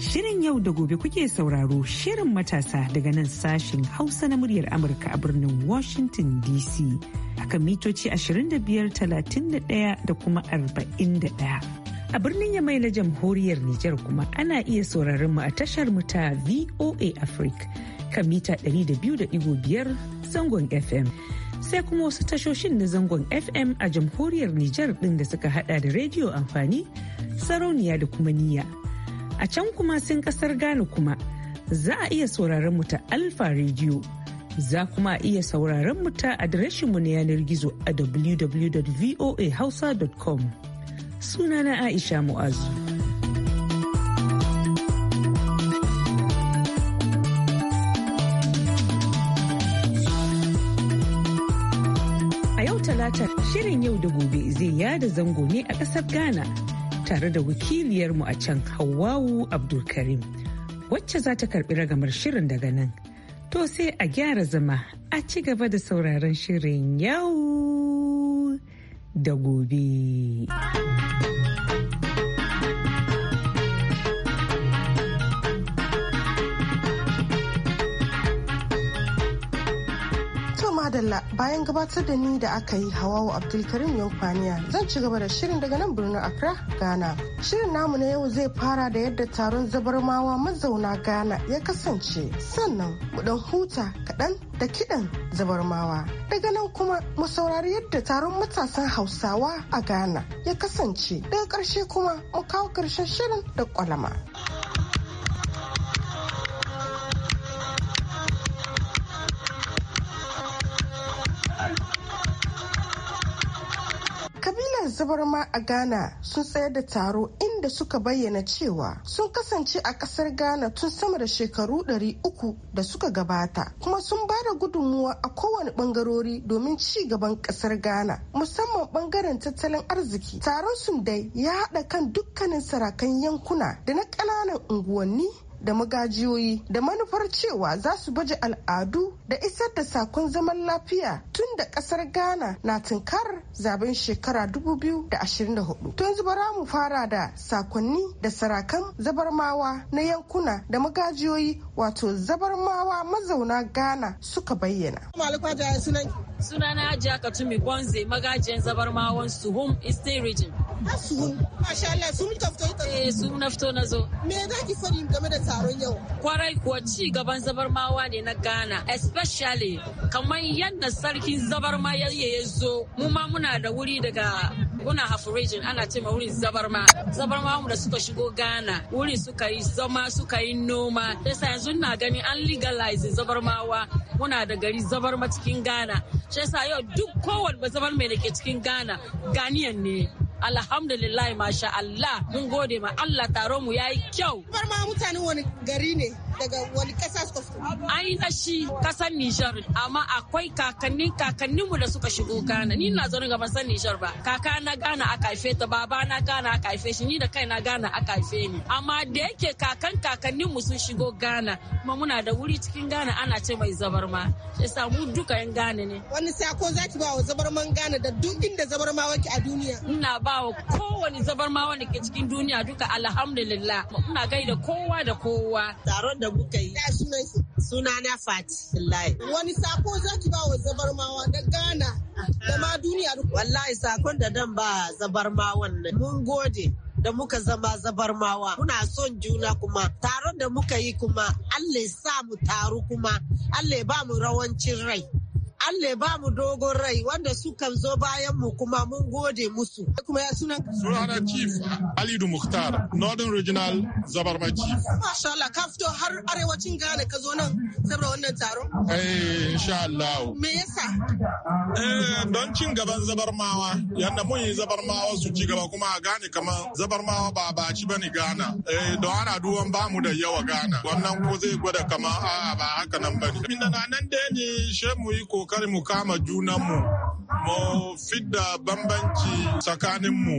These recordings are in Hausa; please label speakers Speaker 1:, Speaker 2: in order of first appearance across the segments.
Speaker 1: Shirin yau da gobe kuke sauraro Shirin matasa daga nan sashen Hausa na muryar Amurka a birnin Washington DC kan mitoci 25,31 da kuma 41. A birnin Yamai na jamhuriyar Nijar kuma ana iya sauraron mu a tashar mu ta VOA Africa kan mita 200.5 zangon FM. Sai kuma wasu tashoshin na zangon FM a jamhuriyar Nijar ɗin da suka hada da rediyo amfani, sarauniya da kuma niyya. A can kuma sun kasar Ghana kuma za a iya sauraron mu ta Alfa Radio. Za kuma iya sauraron mu ta mu na yanar gizo a www.voahausa.com. Sunana Aisha Mu'azu. a yau Talata shirin yau da gobe zai yada zango ne a ƙasar Ghana tare da wakiliyarmu a can Hawwawu Abdulkarim wacce za ta karbi ragamar shirin daga nan. To sai a gyara zama a ci gaba da sauraron shirin yau da gobe.
Speaker 2: madalla bayan gabatar da ni da aka yi hawa hawawa abdulkarim yankwaniya zan ci gaba da shirin daga nan birnin accra ghana shirin namu na yau zai fara da yadda taron zabarmawa mazauna ghana ya kasance sannan mu dan huta kaɗan da kiɗan zabarmawa daga nan kuma mu saurari yadda taron matasan hausawa a ghana ya kasance daga ƙarshe kuma mu kawo ƙarshen shirin da ƙwalama. zubar ma a Ghana sun tsayar da taro inda suka bayyana cewa sun kasance a kasar Ghana tun sama da shekaru ɗari uku da suka gabata kuma sun ba da gudunmuwa a kowane ɓangarori domin ci gaban kasar Ghana musamman bangaren tattalin arziki. Taron sun dai ya haɗa kan dukkanin sarakan yankuna da na ƙananan unguwanni da magajiyoyi da manufar cewa za su baje al'adu da isar da sakon zaman lafiya tun da kasar ghana na tunkar zaben shekara 2024 tun zubara mu fara da sakonni da sarakan zabarmawa na yankuna da magajiyoyi wato zabarmawa mazauna ghana suka bayyana
Speaker 3: sunana hajiya katumi magajiyar zabarmawan suhum eastern region har su masha Allah su muka fito ta eh su na fito na zo me za ki fadi game da taron yau kwarai kuwa ci gaban zabarmawa ne na Ghana especially kamar yadda sarkin zabarma ya ya zo mu ma muna da wuri daga muna hafu region ana ce ma wurin zabarma zabarma mu da suka shigo Ghana wurin suka yi zama suka yi noma yasa yanzu na gani an legalize zabarmawa muna da gari zabarma cikin Ghana shi yasa yau duk kowanne zabar mai da ke cikin Ghana Ghanian ne alhamdulillah masha Allah mun gode ma Allah taron mu yayi kyau. Bar ma mutanen wani gari ne daga wani kasa suka fito? Ai na shi kasar Nijar amma akwai kakannin kakanninmu da suka shigo Ghana ni na zaune gaban san Nijar ba kaka na Ghana aka haife ta baba na Ghana aka haife shi ni da kai na Ghana aka haife ni amma da yake kakan kakanninmu sun shigo Ghana kuma muna da wuri cikin Ghana ana ce mai zabarma sai samu duka yan
Speaker 2: Ghana ne. Wani sako za ki ba wa zabarman Ghana da
Speaker 3: duk inda zabarma wake a duniya? Ina ba wa kowane zabarma da ke cikin duniya duka alhamdulillah Muna gaida kowa da kowa. Taron da da muka yi. Ya sunan Suna na Fati. Wani sako za
Speaker 2: ki ba wa zabarmawa na Ghana
Speaker 3: da ma duniya. Wallahi sakon da dan ba zabarmawan nan. Mun gode. da muka zama zabarmawa muna son juna kuma taron da muka yi kuma allah sa mu taru kuma allah ba mu rawancin rai Allah ba mu dogon rai wanda suka zo bayan
Speaker 2: mu kuma mun gode musu. Kuma ya suna Sunana
Speaker 4: Chief Alidu Mukhtar, Northern Regional Zabarma Chief.
Speaker 2: Masha Allah, ka fito har arewacin Ghana ka zo nan saboda wannan taron?
Speaker 4: Eh, insha Allah. Me yasa? Eh, don cin gaban zabarmawa, yanda mun yi zabarmawa su ci gaba kuma a gane kamar zabarmawa ba baci bane Ghana. Eh, don ana duwan mu da yawa Ghana. Wannan ko zai gwada kamar a'a ba haka nan bane. da nan dai ne shemu yi ko kar mu kama junan mu mu fidda bambanci tsakaninmu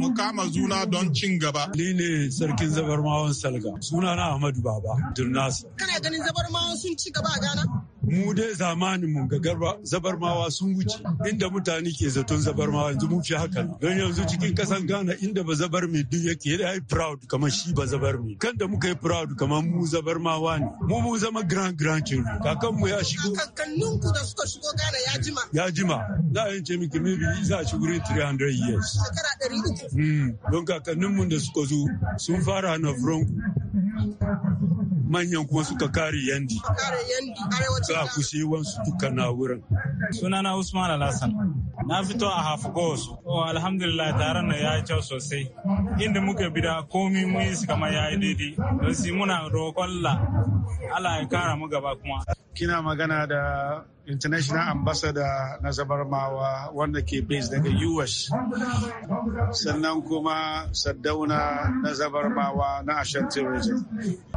Speaker 4: mu kama juna don cin gaba. Ni ne
Speaker 5: sarkin mawon salga suna na Ahmadu Baba Dunnas.
Speaker 2: Kana ganin zabar mawon sun ci gaba a Ghana?
Speaker 5: mu dai zamanin mu ga garba zabarmawa sun wuce inda mutane ke zaton zabarmawa yanzu mun fi haka don yanzu cikin kasan Ghana inda ba zabar mai duk yake da ai proud kamar shi ba zabar mai kan da muka yi proud kamar mu zabarmawa ne mu mu zama grand grand children kakan mu ya shigo kakannin ku da suka shigo Ghana ya jima ya jima za a yance miki maybe za a shigo 300 years
Speaker 2: shekara 300
Speaker 5: hmm. don kakannin mu da suka zo sun fara na from manyan kuma suka kare yandi za kusi wansu duka na wurin sunana usman alhassan na fito a hafgos o alhamdulillah taron na ya yi kyau sosai inda muka bida komi mun yi su kamar ya yi daidai don si muna roƙon la Allah ya kara mu gaba kuma kina magana da international ambassador na zabarmawa wanda ke base daga us sannan kuma saddauna na zabarmawa na ashanti region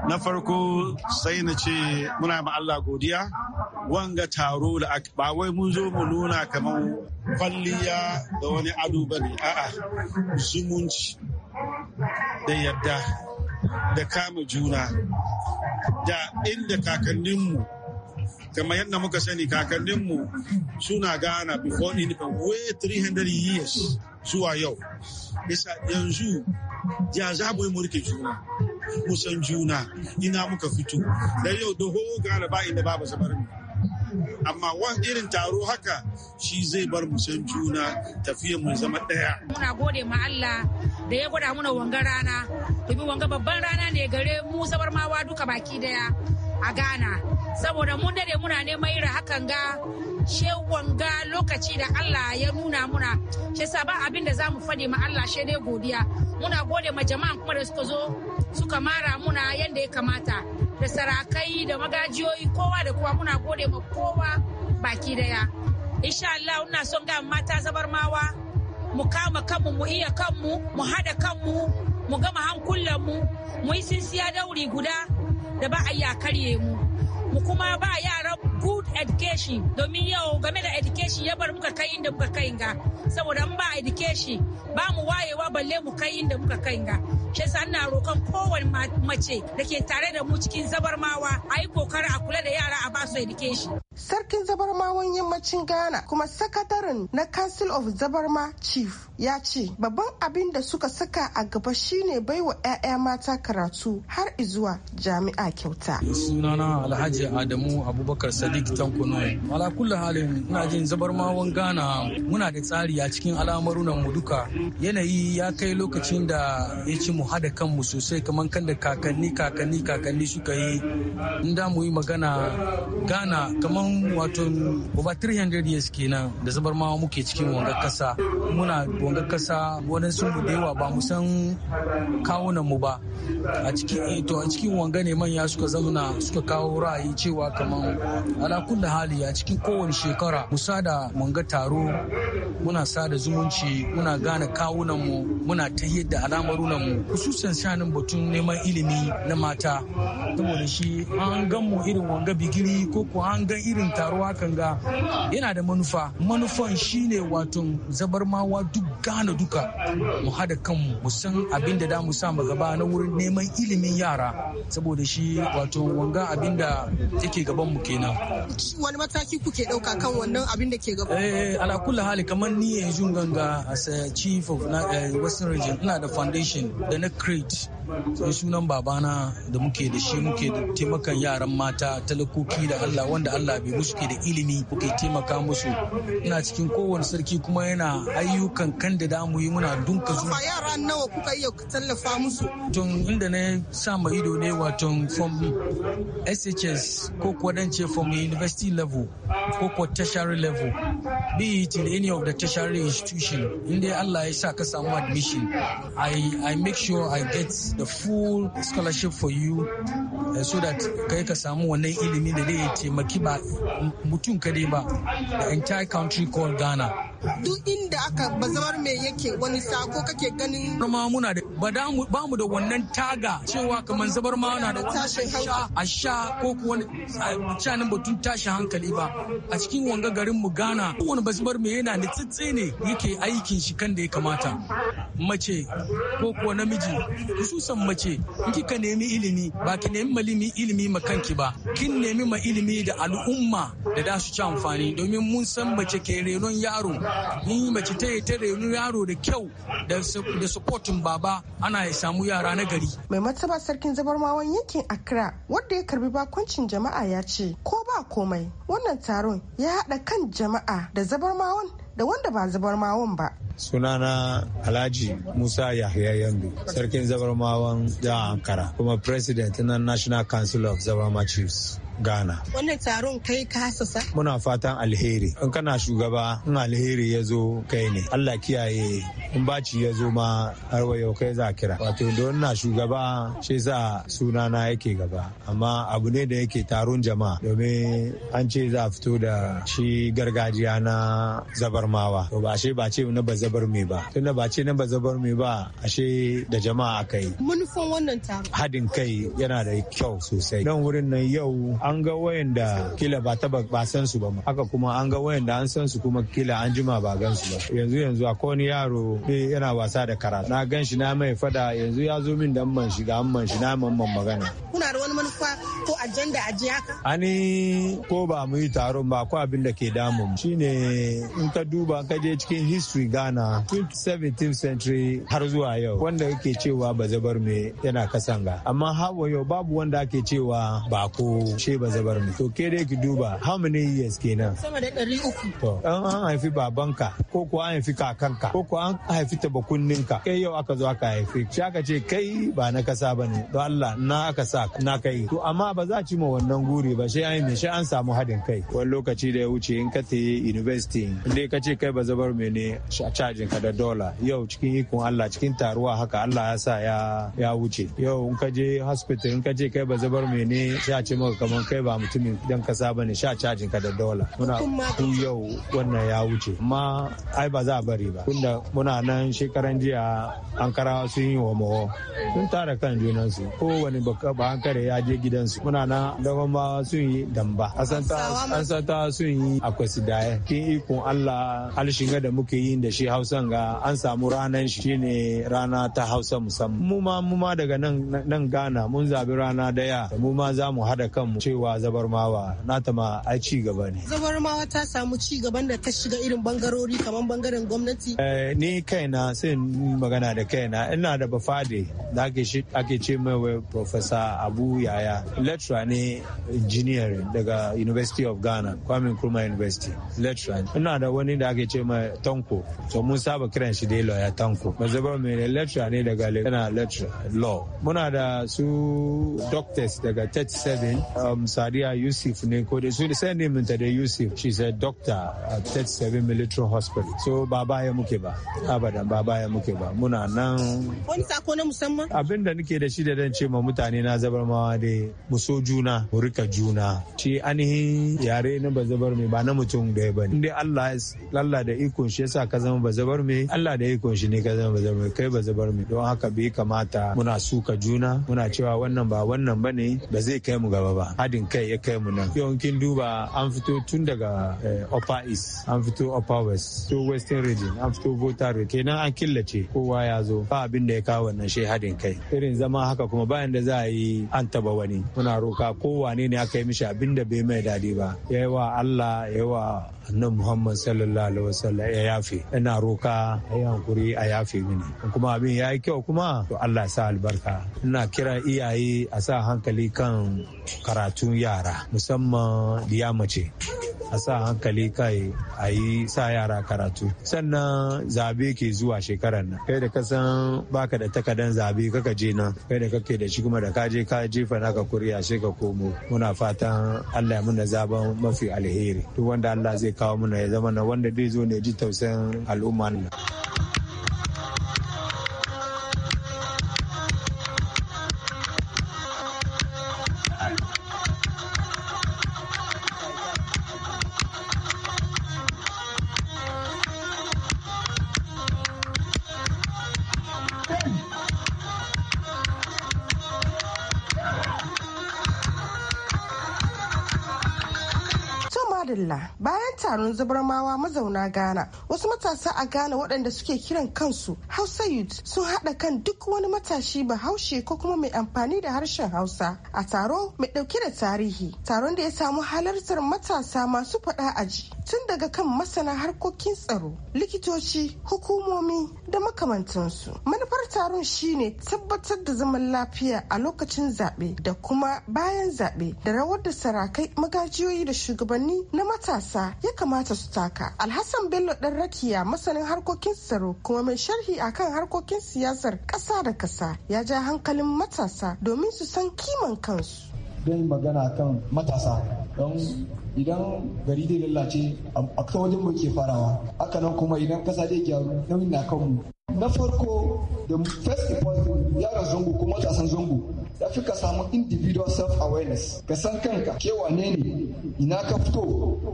Speaker 5: na farko sai na ce muna ma allah godiya wanga taro da ba wai mun zo mu nuna kamar kwalliya da wani ado ne? a'a zumunci da yadda da kama juna da inda kakanninmu kamar yadda muka sani kakanninmu suna gana before independence way 300 years zuwa yau bisa yanzu ya za mu yi juna musan juna ina muka fito da yau da ho gana ba inda babu zabar mu amma wan irin taro haka shi zai bar musan juna tafiyar mu zama daya
Speaker 6: muna gode ma Allah da ya gwada muna wanga rana domin wanga babban rana ne gare mu sabar mawa duka baki daya a Ghana saboda mun dare muna neman irin hakan ga shewan ga lokaci da Allah ya nuna muna shi yasa ba abin da zamu fade ma Allah shi ne godiya muna gode ma jama'an kuma da suka zo suka mara muna yanda ya kamata da sarakai da magajiyoyi kowa da kowa muna gode ma kowa baki daya insha Allah ina son ga mata zabarmawa mu kama kanmu mu iya kanmu mu hada kanmu mu gama hankulanmu mu yi sinsiya dauri guda da ba a iya karye mu mu kuma ba yara good education domin yau game da education ya bar muka kai inda muka kai ga saboda mu ba education ba mu wayewa balle mu kai inda muka kai ga Shi yasa ina roƙon kowane mace da ke tare da mu cikin zabarmawa a yi kokarin a kula da yara a basu education.
Speaker 2: Sarkin zabarmawan yammacin Ghana kuma sakataren na Council of Zabarma Chief ya ce babban abin da suka saka a gaba shine baiwa 'ya'ya mata karatu har izuwa jami'a kyauta.
Speaker 7: Sunana Alhaji Adamu Abubakar Sadiq Tankuno. Ala halin ina jin zabarmawan Ghana muna da tsari a cikin al'amarunan mu duka. Yanayi ya kai lokacin da ya ci mu haɗa kanmu sosai kamar kan da kakanni kakanni kakanni suka yi in da mu yi magana gana kamar wato over 300 years kenan da zabar ma muke cikin wangar kasa muna wangar kasa waɗansu mu da yawa ba mu san kawunan mu ba a cikin eh, to a cikin wanga ne manya suka zauna suka kawo ra'ayi cewa kamar ala kulli hali a cikin kowane shekara mu sada wanga taro muna sada zumunci muna gane kawunan mu muna ta yadda al'amarunan mu hususan shanin batun neman ilimi na mata saboda shi an gan mu irin wanga bigiri ko ko an gan irin taro hakan ga yana da manufa manufan shine wato zabarmawa duk gane duka mu hada kanmu mu san abin da mu sa mu gaba na wurin neman ilimin yara saboda shi wato wanga abin da yake gaban mu kenan
Speaker 2: wani mataki kuke dauka kan wannan abin da ke gaban eh ala
Speaker 7: kulli hali kamar ni yanzu ganga as chief of eh, western region ina da foundation da In a crate sai sunan babana da muke da shi muke da taimakan yaran mata talakoki da Allah wanda Allah bai musu ke da ilimi kuke taimaka musu ina cikin kowane sarki kuma yana ayyukan kan da da yi muna dunka su yara nawa kuka iya tallafa musu tun inda na sa ma ido ne wato from SHS ko kuwa dan ce from university level ko kuwa tertiary level be it in any of the tertiary institution inda Allah ya sa ka samu admission I, I make sure I get the full scholarship for you uh, so that kai ka samu wannan ilimi da zai taimaki ba mutum kadai ba the entire country called Ghana duk inda aka bazawar me yake wani sako kake ganin ma muna da ba ba mu da wannan taga cewa kamar zabar ma na da tashin a sha ko kuwa canin batun tashin hankali ba a cikin wanga garin mu gana kowane bazabar me yana da tsitse ne yake aikin shi kan da ya kamata mace ko kuwa namiji hususan mace in ka nemi ilimi ba ki nemi malimi ilimi ma kanki ba kin nemi ma ilimi da al'umma da da su ci amfani domin mun san mace ke renon yaro mu mace ta yi ta renu yaro da kyau da supportin baba ana ya samu yara na gari
Speaker 2: mai martaba sarkin zabarmawan yankin accra wanda ya karbi bakuncin jama'a ya ce ko ba komai wannan taron ya haɗa kan jama'a da zabarmawan da wanda ba zabarmawan ba
Speaker 8: sunana alhaji musa yahya yambu sarkin zabarmawan jihar ankara kuma president na national council of Zabar chiefs Ghana.
Speaker 2: Wannan taron kai ka sasa?
Speaker 8: Muna fatan alheri. In kana shugaba in alheri ya zo kai ne. Allah kiyaye in baci ya zo ma har yau kai za kira. Wato don na shugaba shi sa sunana yake gaba. Amma abu ne da yake taron jama'a domin an ce za a fito da shi gargajiya na zabarmawa. To ba ashe ba ce na ba zabar me ba. da ba ce na ba zabar me ba ashe da jama'a aka yi. Manufan wannan taron. Haɗin kai yana da kyau sosai. Nan wurin nan yau an ga wayanda kila ba taba ba san su ba haka kuma an ga wayanda an san su kuma kila an jima ba gan su ba yanzu yanzu akwai wani yaro ne eh, yana wasa da karatu na gan shi na mai fada yanzu ya zo min da amman shi da shi na mamman magana
Speaker 2: kuna kwa ko ajanda a haka?
Speaker 8: Ani ko ba mu yi taron ba ko abin da ke damu. shine in ka duba ka je cikin history gana. 17th century har zuwa yau wanda yake cewa ba zabar me yana kasanga amma hawa yau babu wanda ake cewa ba ko she ba zabar me to ke dai ki duba how many years kenan
Speaker 2: sama da 300
Speaker 8: to an an haifi babanka ko ko an haifi kakanka ko ko an haifi tabakunninka kai yau aka zo aka haifi shi aka ce kai ba na kasa bane don Allah na aka sa na kai to amma ba za a ci ma wannan guri ba sai an yi shi an samu haɗin kai wani lokaci da ya wuce in ka tayi university inda ka ce kai ba zabar mene a cajin ka da dola yau cikin ikon Allah cikin taruwa haka Allah ya sa ya wuce yau in ka je hospital in ka ce kai ba zabar mene a ce maka kamar kai ba mutumin dan kasa bane a cajin ka da dola muna ku yau wannan ya wuce amma ai ba za a bari ba tunda muna nan shekaran jiya an karawa sun yi wa maho sun tara kan junansu kowane ba hankare ya je gidansu muna na lagoma sun yi damba an ta sun yi akwasidaye kin ikon allah alshinga da muke yi da shi hausan ga an samu ranar shi shine rana ta hausa musamman mu ma mu ma daga nan gana mun zabi rana daya mu ma za mu hada kanmu cewa zabarmawa na ta ma a ci gaba ne
Speaker 2: zabarmawa ta samu ci gaban da ta shiga irin bangarori kamar bangaren gwamnati
Speaker 8: eh, ni kaina sai magana da kaina ina da bafade da ake ce mai professor abu yaya yahaya lecturer ne engineering daga university of ghana kwame nkrumah university lecturer ina da wani da ake ce mai tanko to mun saba kiran shi dai lawyer tanko mazabar mai lecturer ne daga lena lecturer law muna da su doctors daga 37 um, sadia yusuf ne ko da su da sai ne minta da yusuf she said doctor at 37 military hospital so ba baya muke ba abadan ba baya muke ba muna nan wani sako na musamman abinda nake da shi da dan ce ma mutane na zabar mawa dai mu so juna mu rika juna shi ainihin yare na bazabar mai ba na mutum ɗaya ba ne Allah lalla da ikon shi yasa ka zama bazabar mai Allah da ikon shi ne ka zama bazabar mai kai bazabar mai don haka bai kamata muna suka juna muna cewa wannan ba wannan ba ne ba zai kai mu gaba ba hadin kai ya kai mu nan yawan kin duba an fito tun daga eh, upper east an fito upper west to western region an fito bota kenan an killace kowa ya zo ba abin da ya kawo wannan shi hadin kai irin zama haka kuma bayan da za a yi an taba wani wani muna roka kowane ne aka yi mishi abin da bai mai dadi ba ya yi wa Allah ya yi wa annan Muhammad sallallahu alaihi wasallam ya yafe ina roka a yi hankuri a yafe mini kuma abin ya yi kyau kuma to Allah ya sa albarka ina kira iyaye a sa hankali kan karatun yara musamman diya mace a sa hankali kai a yi sa yara karatu sannan zabe ke zuwa shekarar nan kai da kasan baka da takadan zabe kaka je nan kai da kake da shi kuma da kaje ka jefa naka kuriya sai ka komo muna fatan Allah ya muna zaben mafi alheri duk wanda Allah zai kawo muna ya zama na wanda zai zo ne ji tausayin al'umma
Speaker 2: madalla bayan taron zabarmawa mazauna Ghana wasu matasa a Ghana waɗanda suke kiran kansu Hausa Youth sun haɗa kan duk wani matashi bahaushe ko kuma mai amfani da harshen Hausa a taro mai ɗauke da tarihi taron da ya samu halartar matasa masu faɗa aji tun daga kan masana harkokin tsaro likitoci hukumomi da makamantansu manufar taron shine tabbatar da zaman lafiya a lokacin zaɓe da kuma bayan zaɓe da rawar da sarakai magajiyoyi da shugabanni na matasa ya kamata su taka alhassan bello ɗan rakiya masanin harkokin tsaro kuma mai sharhi akan harkokin siyasar ƙasa da ƙasa ya ja hankalin
Speaker 9: matasa domin su san kiman kansu magana kan matasa don idan gari dai lallace a kan wajen mu ke farawa haka nan kuma idan kasa dai gyaru nauyin na kanmu na farko da first important yaran zango kuma matasan zango ya fi ka samu individual self awareness ka san kanka ke wane ne ina ka fito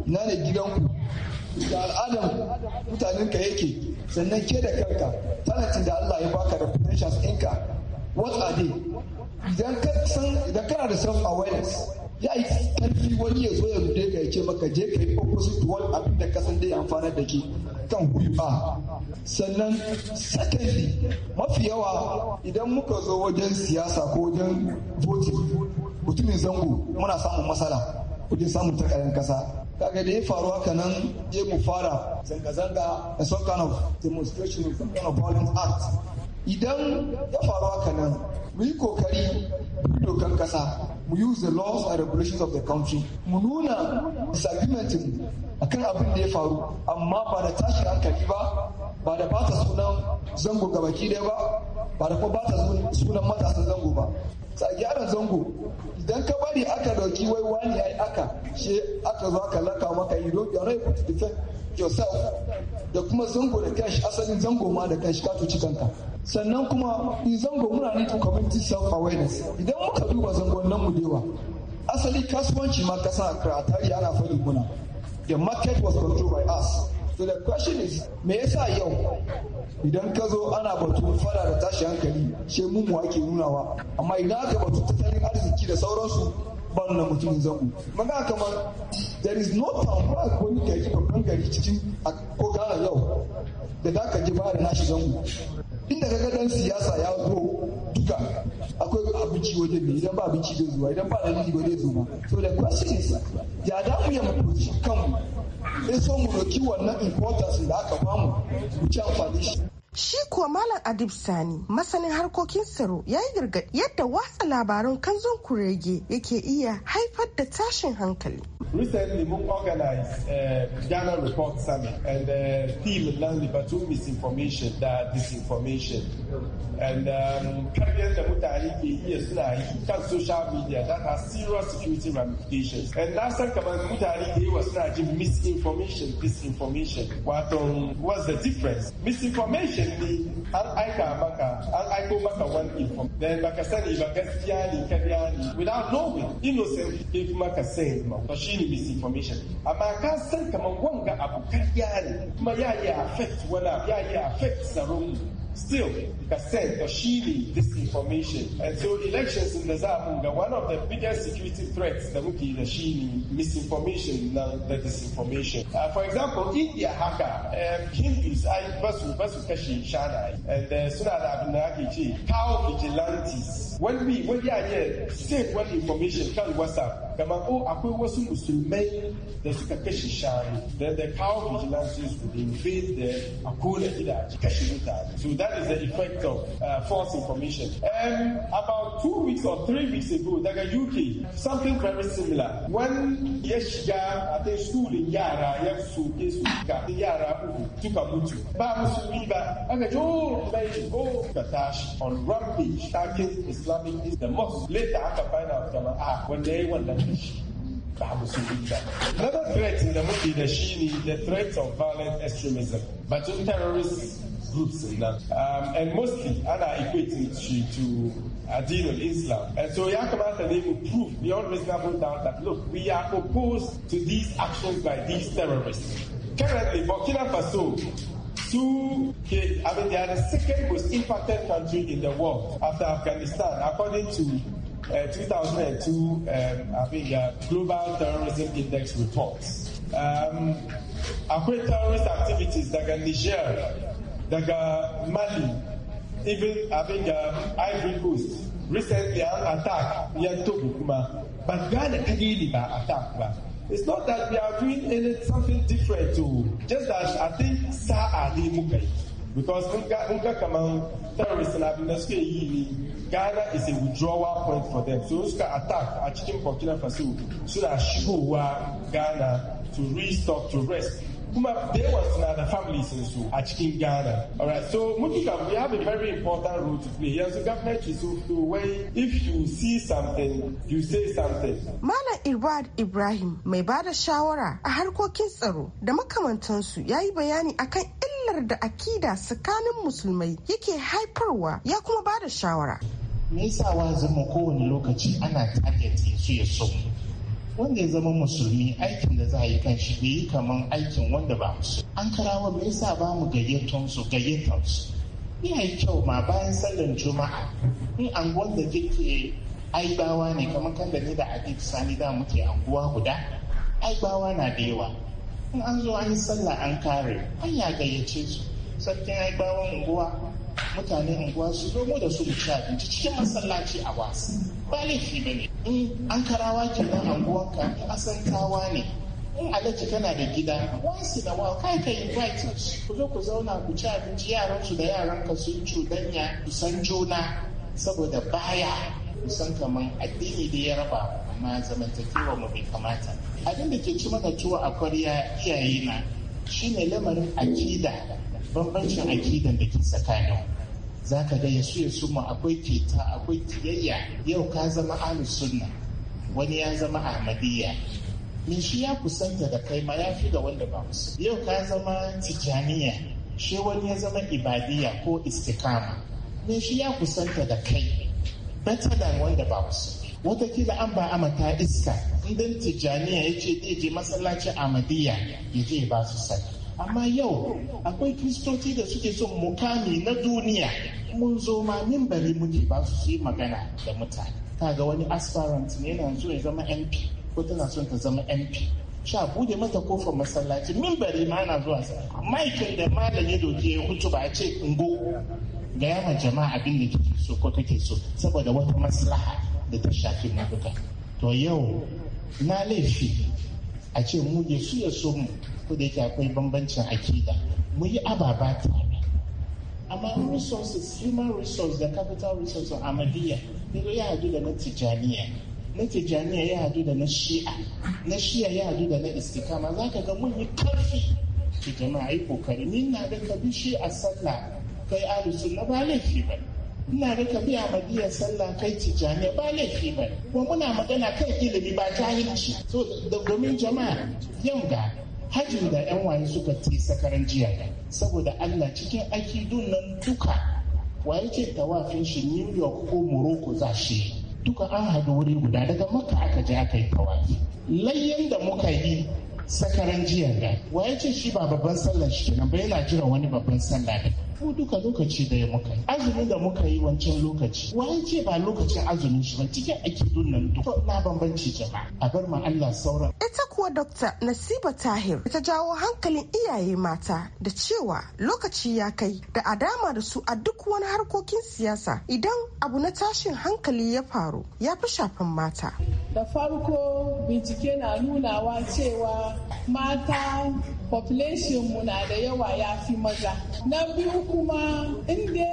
Speaker 9: ina ne gidanku da al'adar mutanen ka yake sannan ke da kanka talatin da Allah ya baka da potentials ɗinka what are they idan kana da self awareness ya yi karfi wani ya zo ya rude ka ya ce maka je ka yi opposite wall abin da kasan da ya amfana da ke kan ba? sannan secondly mafi yawa idan muka zo wajen siyasa ko wajen voting mutumin zango muna samun matsala wajen samun takarar kasa kaga da ya faru haka nan je mu fara zanga-zanga a some kind of demonstration some kind of violent act idan ya faru haka nan mu yi kokari dokan kasa mu use the laws and regulations of the country mu nuna disagreement akan abin da ya faru amma ba da tashi hankali ba ba da bata sunan zango baki daya ba ba da kuma bata sunan matasa zango ba sa gyara zango idan ka bari aka dauki wai wani ai aka she aka zo aka laka maka yi. don yare not defend yourself da kuma zango da kashi asalin zango ma da kashi ka tuci kanka sannan kuma in zango muna ne to community self awareness idan muka duba zangon mu dewa asali kasuwanci ma kasa a tarihi ana faɗi muna the market was controlled by us so the question is me yasa yau idan ka zo ana batu faɗa da tashi hankali sai mun mu ake nunawa amma idan aka batu tattalin arziki da sauransu ban na mutumin zango maga kamar there is no town ko ni kai babban gari cikin ko gara yau da za ka ji ba da nashi zango inda kaga dan siyasa ya zo duka akwai abinci waje ne idan ba abinci zai zuwa idan ba da ba zai zuwa so the question is ya da mu ya mutunci kanmu in so mu roki wannan importance da aka bamu mu ci amfani shi
Speaker 2: Shi kuwa Malam Adib Sani masanin harkokin tsaro ya yi gargaɗi yadda watsa labaran kanzon kurege yake iya haifar da tashin hankali.
Speaker 4: Recently, we organized a eh, Ghana Report Summit and the uh, theme learned about misinformation, that disinformation. and um, da mutane ke iya suna yi kan social media that has serious security ramifications and na san kamar mutane da yawa suna jin misinformation disinformation wato what's the difference misinformation ne an aika maka an aiko maka wani inform then baka sani ba gaskiya ne karya ne without knowing innocent ma to shine misinformation amma ka san kamar wanga abu karya ne kuma ya yi affect ya yi affect tsaron Still, you can send or shielding this information. And so elections in the Zamunga, one of the biggest security threats, the Muki, the shielding, misinformation, the disinformation. Uh, for example, India Haka, um, Hindus, I, Basu, Basu in Shanai, and uh, Sunada Abunaki, cow vigilantes. When we, when they are here, state when information, can WhatsApp kama oh akwai wasu musulmai da suka kashe shanu da the cow vigilantes would invade the a gidaje kashe mutane so that is the effect of uh, false information um, about two weeks or three weeks ago daga UK something very similar when ya shiga a dai skulin yara ya soke su ga yara uku suka mutu ba musulmi ba aka ji oh go, oh ka tashi on rampage takin islamic is the mosque later aka find out kama ah when they wannan another threat in the da shi is the threat of violent extremism but batun terrorist groups nan um, and mostly ana equating it to of islam and so ya and ne mu prove beyond reasonable doubt that look we are opposed to these actions by these terrorists currently burkina faso two, I mean, they are the second most impacted country in the world after Afghanistan, according to uh, 2002, um, I think, uh, Global Terrorism Index report. Um, akwai terrorist activities daga Niger, daga Mali, even I think um, Ivory Coast. Recently, an attack near Togo kuma, but Ghana kadiri ba attack ba. It's not that we are doing any, something different to just that I think sa'a ne muka yi. Because mun ga kaman terrorist na abin da Ghana is a withdrawal point for them. So can attack a cikin Burkina Faso suna shigowa Ghana to restock to rest. Kuma they was na da families su a cikin Ghana. all right so Mutika, we have a very important role to play. Yanzu government is the when if you see something, you say something.
Speaker 2: Malam Irwad Ibrahim mai bada shawara a harkokin tsaro da makamantansu ya yi bayani akan illar da akida tsakanin musulmai yake haifarwa ya kuma bada shawara. me yasa zama kowane lokaci ana targetin su ya so wanda ya zama musulmi aikin
Speaker 10: da za a yi kan shi bai yi kamar aikin wanda ba musulmi an karawa me yasa ba mu gayyaton su gayyaton su yi kyau ma bayan sallan juma'a in anguwan da kike aibawa ne kamar kan da ni da adib sani da muke anguwa guda aibawa na da yawa in an zo an yi sallah an kare an ya gayyace su sarkin aibawan unguwa mutane unguwa su zo mu da su mu ci cikin masallaci a wasu ba laifi ba ne in an karawa nan unguwanka, in asantawa ne in alaji kana da gida Wasu da wa kai ka yi ku zo ku zauna ku ci abinci yaran su da yaran ka sun cuɗanya ku san juna saboda baya ku san kaman addini da ya raba amma zamantakewa mu bai kamata abin da ke ci mana tuwo a kwarya iyaye na shine lamarin akida bambancin akidan da ke tsakanin za ka ga yasu su ma akwai keta akwai tiyayya yau ka zama alu sunna wani ya zama ahmadiyya me shi ya kusanta da kai ma ya fi da wanda ba musu yau ka zama tijaniya shi wani ya zama ibadiyya ko istikama me shi ya kusanta da kai better than wanda ba musu watakila an ba amata iska idan tijaniya ya ce zai je masallaci ahmadiyya ya je ba su sallah amma yau akwai kiristoci da suke son mukami na duniya mun zo ma mimbari muke ba su yi magana da mutane ta ga wani aspirant ne yana zo ya zama mp ko tana son ta zama mp sha bude mata kofar masallaci mimbari ma ana zuwa sa maikin da malam ya doke ya hutu ba a ce ingo gaya ma jama'a abin da kike so ko kake so saboda wata maslaha da ta shafi na to yau na laifi a ce mu ya su ya so mu ko da yake akwai bambancin akida mu yi ababa tare amma resources human resources da capital resource amadiya yanzu ya hadu da na tijaniya na tijaniya ya hadu da na shi'a na shi'a ya hadu da na istikama za ka ga mun yi karfi ki jama'a yi kokari ni na da ka bi a sallah kai ahlus na ba laifi ba ina ka biya biyan sallah kai ci jami'a ba laifi ba kuma muna magana kan ilimi ba ta ci. so domin jama'a yau ga, hajji da yan waye suka ci sakaran jiya saboda allah cikin don nan duka waye ce tawafin shi new york ko morocco za shi duka an haɗu wuri guda daga maka aka je aka yi tawafi layyan da muka yi sakaran jiya da waye ce shi ba babban sallar shi kenan ba yana jiran wani babban sallah ko duka lokaci da ya muka yi azumi da muka yi wancan lokaci waye ce ba lokacin azumin shi ba cikin ake dunnan duk na bambanci jama'a a bar ma Allah sauran
Speaker 2: ita kuwa dokta Nasiba Tahir ta jawo hankalin iyaye mata da cewa lokaci ya kai da a dama da su a duk wani harkokin siyasa idan abu na tashin hankali ya faru ya fi shafin mata da farko bincike na nunawa
Speaker 10: cewa mata population mu na da yawa ya fi maza na biyu kuma inda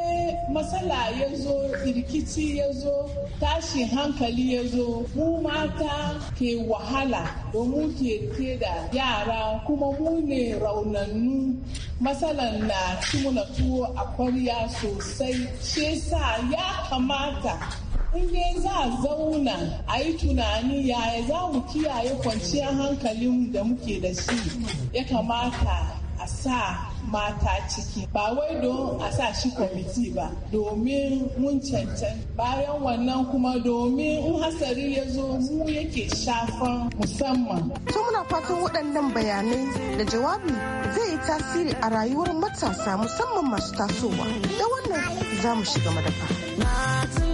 Speaker 10: matsala ya zo rikici ya zo tashin hankali ya zo mu mata ke wahala domin ke ke da yara kuma mu ne raunannu matsalan na cimuna tuwo a kwarya sosai sa ya kamata in za a zauna a yi tunani yaya za mu kiyaye kwanciyar hankalin da muke da shi ya kamata a sa mata ciki ba wai don a sa shi kwamiti ba domin mun cancan bayan wannan kuma
Speaker 2: domin in hasari ya zo mu yake shafan musamman. To muna fatan waɗannan bayanai da jawabi zai yi tasiri a rayuwar matasa musamman masu tasowa da wannan za mu shiga madafa.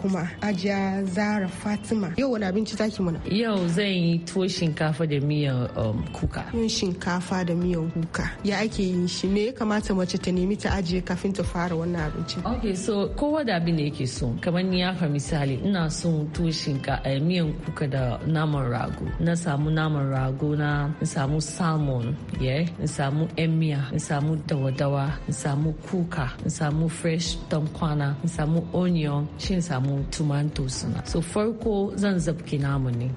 Speaker 2: kuma ajiya zara Fatima yau wani abinci zaki muna
Speaker 11: yau zan yi tuwo shinkafa da miyan um, kuka
Speaker 2: yin shinkafa da miyan kuka ya ake yin shi me ya kamata mace ta nemi ta ajiye kafin ta fara wannan abinci. ok
Speaker 11: so kowa da abin da yake so kamar ni yafa misali ina son tuwo shinkafa eh, miyan kuka da naman rago na samu naman rago na in samu salmon yeah in samu emia. in samu dawadawa in samu kuka in samu fresh dankwana in samu onion shi in samu tomatoes na so farko zan zabki namu ne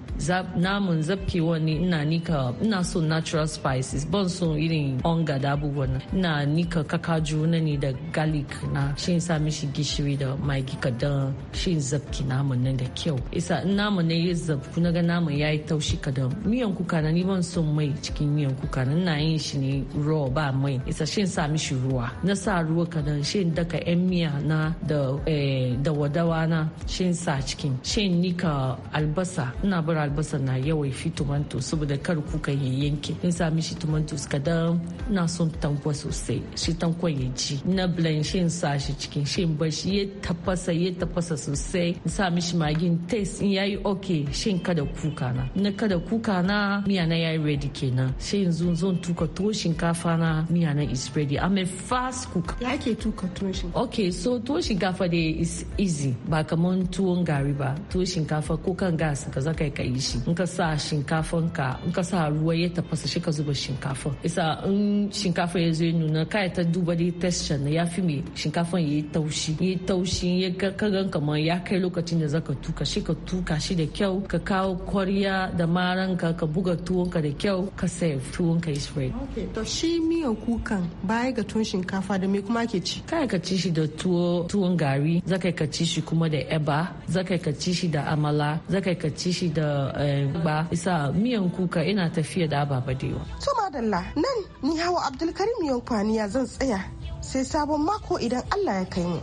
Speaker 11: namun zabki wani ina nika ina so natural spices ban so irin onga da abubuwan ina nika kakaju na ne da garlic na shi sa mishi gishiri da magi kadan shi zabki namun nan da kyau isa namun ne ya zabku na ga namun yi taushi kadan miyan kuka na ni ban so mai cikin miyan kuka na ina yin shi ne raw ba mai isa shi sa mishi ruwa na sa ruwa kadan shi daka yan miya na da eh, da wadawa na shi sa cikin shi nika albasa ina bar albasa na yawai fi tumanto saboda kar kuka yi yanke in sa mishi tumanto kadan na son tankwa sosai shi tankwa ya ji na blend shi in sa shi cikin shi in bar shi ya tafasa ya tafasa sosai in sa mishi magin taste in yayi okay in kada kuka na na kada kuka na miya na yayi ready kenan shi in zo zo tuka tuwo shinkafa na miya na is ready i'm a fast cook ya k'e tuka tuwo shinkafa okay so tuwo shinkafa dai is easy ba kaman tuwon gari ba tuwo shinkafa shinkafa ko kan gas ka zaka ka yi shi in ka sa shinkafan ka in ka sa ruwa ya tafasa shi ka zuba shinkafa isa in shinkafa ya zo ya nuna ka ta duba dai texture na ya fi mai shinkafan ya yi taushi ya yi taushi ya ka gan kamar ya kai lokacin da zaka tuka shi ka tuka shi da kyau ka kawo kwarya da maranka ka buga ka da kyau ka save ka is ready
Speaker 2: to shi miyan kukan baya ga tuwon shinkafa da
Speaker 11: me kuma ke ci kai ka ci shi da tuwon gari zaka ka ci shi kuma da eba zaka ka ci shi da amala kammala zakai ka ci shi da eh, ba isa miyan kuka ina tafiya da ababa da yawa.
Speaker 2: to madalla nan ni hawa abdulkarim yau kwaniya zan tsaya sai
Speaker 1: sabon mako idan allah ya kai mu.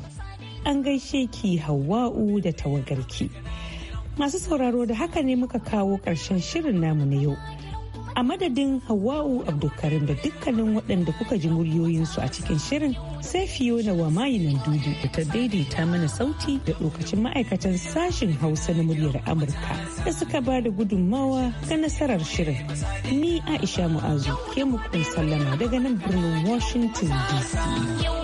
Speaker 1: an gaishe ki hawa'u da tawagarki. masu sauraro da haka ne muka kawo ƙarshen shirin namu na yau. a madadin hawa'u abdulkarim da dukkanin waɗanda kuka ji muryoyinsu a cikin shirin sai Fiona wa mayinan dudu da ta daidaita mana sauti da lokacin ma'aikatan sashen Hausa na muryar Amurka da suka ba da gudunmawa ga nasarar shirin. Ni Aisha Mu'azu ke mukun sallama daga nan birnin Washington DC.